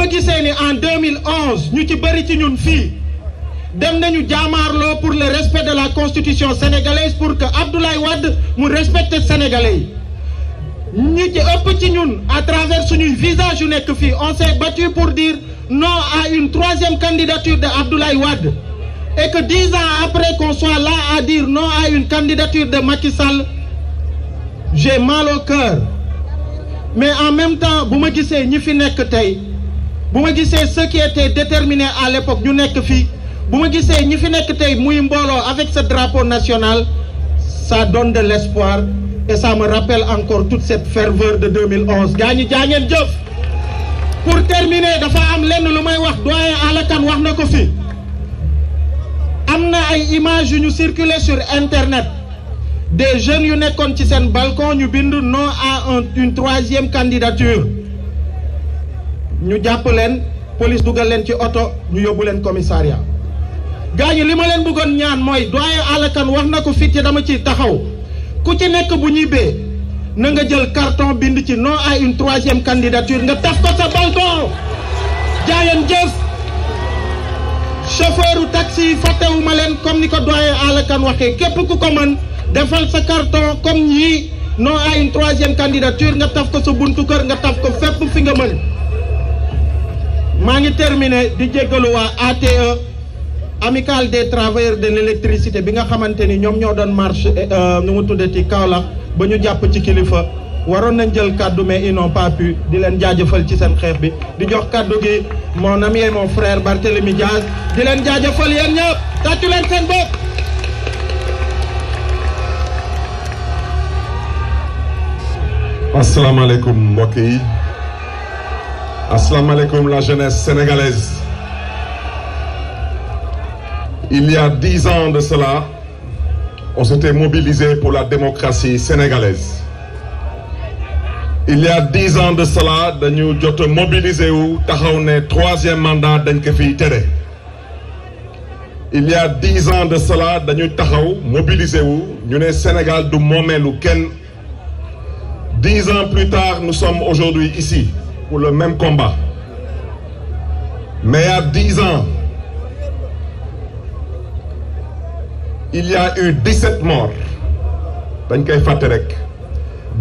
ma gisee ni en 2011 ñu ci bëri ci ñun fii dem nañu jaamaarloo pour le respect de la constitution sénégalaise pour que Abdoulaye Wade mu respecte sénégalais yi ci ëpp ci ñun à travers suñuy visage yu nekk fii on s'est battu pour dire non à une troisième candidature de Abdoulaye Wade et que dix ans après qu'on soit là à dire non à une candidature de Macky Sall j'ai malo au cœur mais en même temps bu ma gisee ñi fi nekk tey bu ma gisee ceux qui étaient déterminés à l'époque ñu nekk fii bu ma gisee ñi fi nekk tey muy mbooloo avec ce drapeau national ça donne de l'espoir et ça me rappelle encore toute cette ferveur de 2011 gaa ñi jaa ngeen jëf pour terminer dafa am lenn lu may wax doyen Alakan wax na ko fi am na ay images yu ñu circuler sur internet des jeunes yu nekkoon ci seen balcon ñu bind non à une troisième candidature ñu jàpp leen police dugal leen ci oto ñu yóbbu leen commissariat gaa ñi li ma leen bëggoon ñaan mooy doyen Alla Kane wax na ko fii ci dama ciy taxaw ku ci nekk bu ñibbee na nga jël carton bind ci non à une troisième candidature nga taf ko sa balcon jaayeen jëf chauffeuru taxi yi fàttewu ma leen comme ni ko doyen Alla Kane waxee képp ku ko mën defal sa carton comme ñii non à une troisième candidature nga taf ko sa buntu kër nga taf ko fépp fi nga mën maa ngi terminé di jéggalu waa ATE amicale des travailleurs de l'électricité bi nga xamante ni ñoom ñoo doon marche eh, euh, nu mu tuddee ci Kaolack ba ñu jàpp ci kilifa waroon nañ jël kàddu mais ils n'ont pas di leen jaajëfal ci seen xeex bi di jox kàddu gi mon ami et mon frère Barthélémy Diaz di leen jaajëfal yéen ñëpp tàccu leen seen bopp. asalaamaaleykum mbokk yi. Asalaamaaleykum la jeunesse sénégalaise. Il y a dix ans de cela, on s'était mobilisé pour la démocratie sénégalaise. Il y dix ans de cela dañu jot a mobiliser wu taxaw ne troisième mandat dañ ko fiy tere. Il y a dix ans de cela dañu taxaw mobiliser wu ñu ne Sénégal du lu kenn. Dix ans plus tard nous sommes aujourd'hui ici. pour le même combat. Mais il y a dix ans, il y a eu 17 morts dañ koy fàtte rek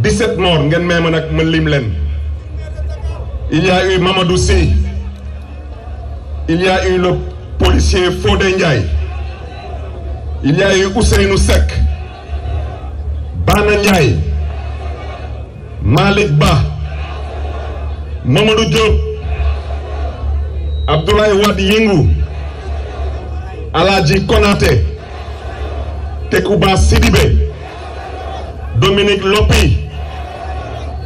17 morts ngeen may ma nag lim leen il y a eu Mamadou Sy il y a eu le policier Fodé Ndiaye il y a eu Ousseynou Seck Bana Ndiaye Malick Ba Mamadou Diop Abdoulaye Wade Yëngu Alaaji Konaté Tekouba Sidibé Dominique Lopi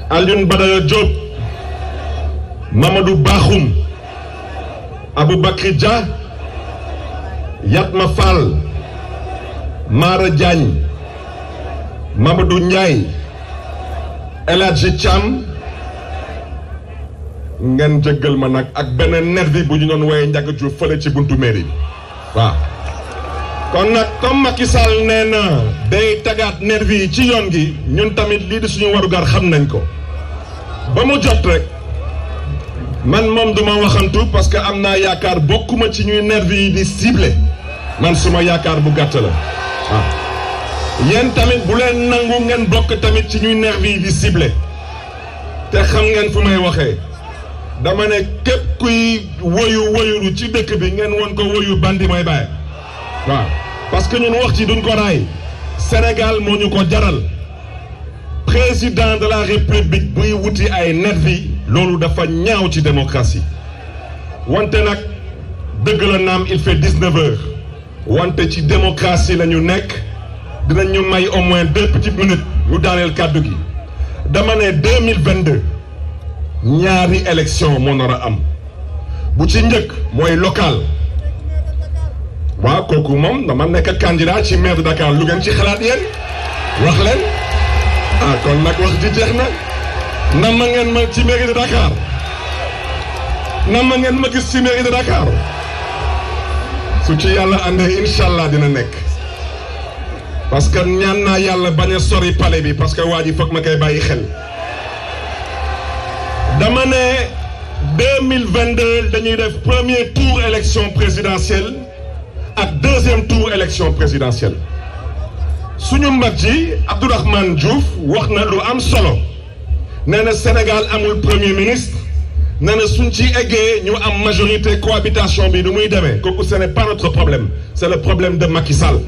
Alioune Badara Diop Mamadou Bakhoum Aboubacry Dia Yatma Fall Mara Diagne Mamadou Ndiaye El Hadji Thiam ngeen jëggal ma nag ak beneen nervi bu ñu doon woowee njàgg ju fële ci buntu mairie bi waaw kon nag comme Macky Sall nee na day tagaat nervi yi ci yoon gi ñun tamit lii di suñu warugar xam nañ ko ba mu jot rek man moom duma waxantu parce que am naa yaakaar bokkuma ci ñuy nervi yi di ciblé man suma yaakaar bu gàtt la waaw yéen tamit bu nangu ngeen bokk tamit ci ñuy nervi yi di ciblé te xam ngeen fu may waxee dama ne képp kuy woyu woyulu ci dëkk bi ngeen won ko woyu bandi mooy bàyyi waaw parce que ñun wax ci duñ ko raay Sénégal moo ñu ko jaral président de la bi buy wuti ay nervi loolu dafa ñaaw ci démocratie wante nag dëgg la naam il fait dix wante ci démocratie la ñu nekk dinañ ñu may au moins deux petites minutes ñu daaneel kàddu gi dama ne deux mille vingt-deux ñaari élection moo nar a am bu ci njëkk mooy local waaw kooku moom dama nekk candidat ci maire de Dakar lu ngeen ci xalaat yéen wax leen ah kon nag wax ji jeex na nam ma ngeen ma ci mairie de Dakar nam ma ngeen ma gis ci mairie de Dakar su ci yàlla àndee incha dina nekk parce que ñaan naa yàlla bañ a sori palais bi parce que waa ji foog ma koy bàyyi xel. dama ne deux mille vingt deux dañuy def premier tour élection présidentielle ak deuxième tour élection présidentielle suñu mag ji Abdourahmane Diouf wax na lu am solo nee na Sénégal amul premier ministre nee ne suñ ci eggee ñu am majorité cohabitation bi du muy demee kooku ce n'est pas notre problème c'est le problème de Macky Sall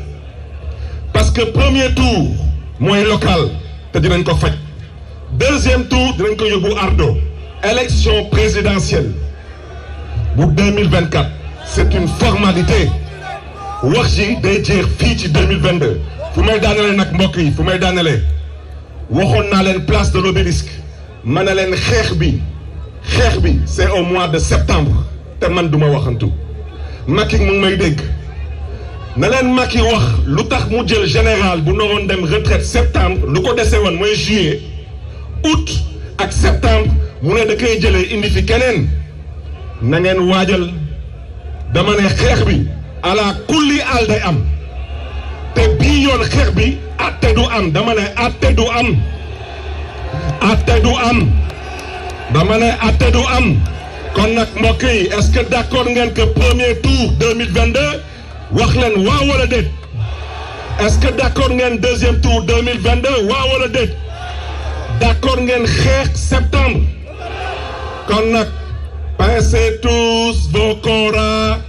parce que premier tour mooy local te dinañ ko faj deuxième tour dinañ ko yóbbu ardo élection présidentielle bu 2024 c'est une formalité wax ji day jeex fii ci 2022 fu may daanalee nag mbokk yi fu may daanalee waxoon naa leen place de l'obélisque ma ne leen xeex bi xeex bi c'est au mois de septembre te man du duma waxantu Macky mu ngi may dégg na leen Macky wax lu tax mu jël général bu naroon dem retraite septembre lu ko dese woon mooy juillet août ak septembre mu ne da koy jëlee indi fi keneen na ngeen waajal dama ne xeex bi ala kulli al day am te bii yoon xeex bi atte du am dama ne atte du am atte du am ne atte du am kon nag mbokk yi est-ce que d'accord ngeen que premier tour 2022 wax leen waaw wala déet est-ce que ngeen deuxième tour 2022 waaw wala déet d'accord ngeen xeex septembre kon nag pincez tous vos koras